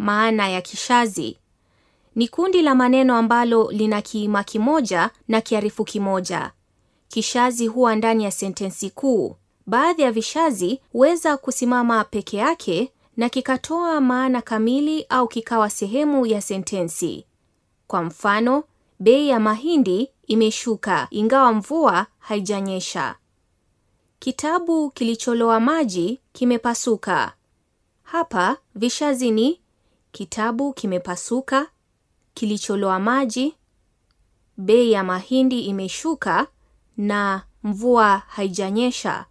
Maana ya kishazi ni kundi la maneno ambalo lina kiima kimoja na kiarifu kimoja. Kishazi huwa ndani ya sentensi kuu. Baadhi ya vishazi huweza kusimama peke yake na kikatoa maana kamili au kikawa sehemu ya sentensi. Kwa mfano, bei ya mahindi imeshuka ingawa mvua haijanyesha. Kitabu kilicholoa maji kimepasuka. Hapa vishazi ni kitabu kimepasuka, kilicholoa maji, bei ya mahindi imeshuka na mvua haijanyesha.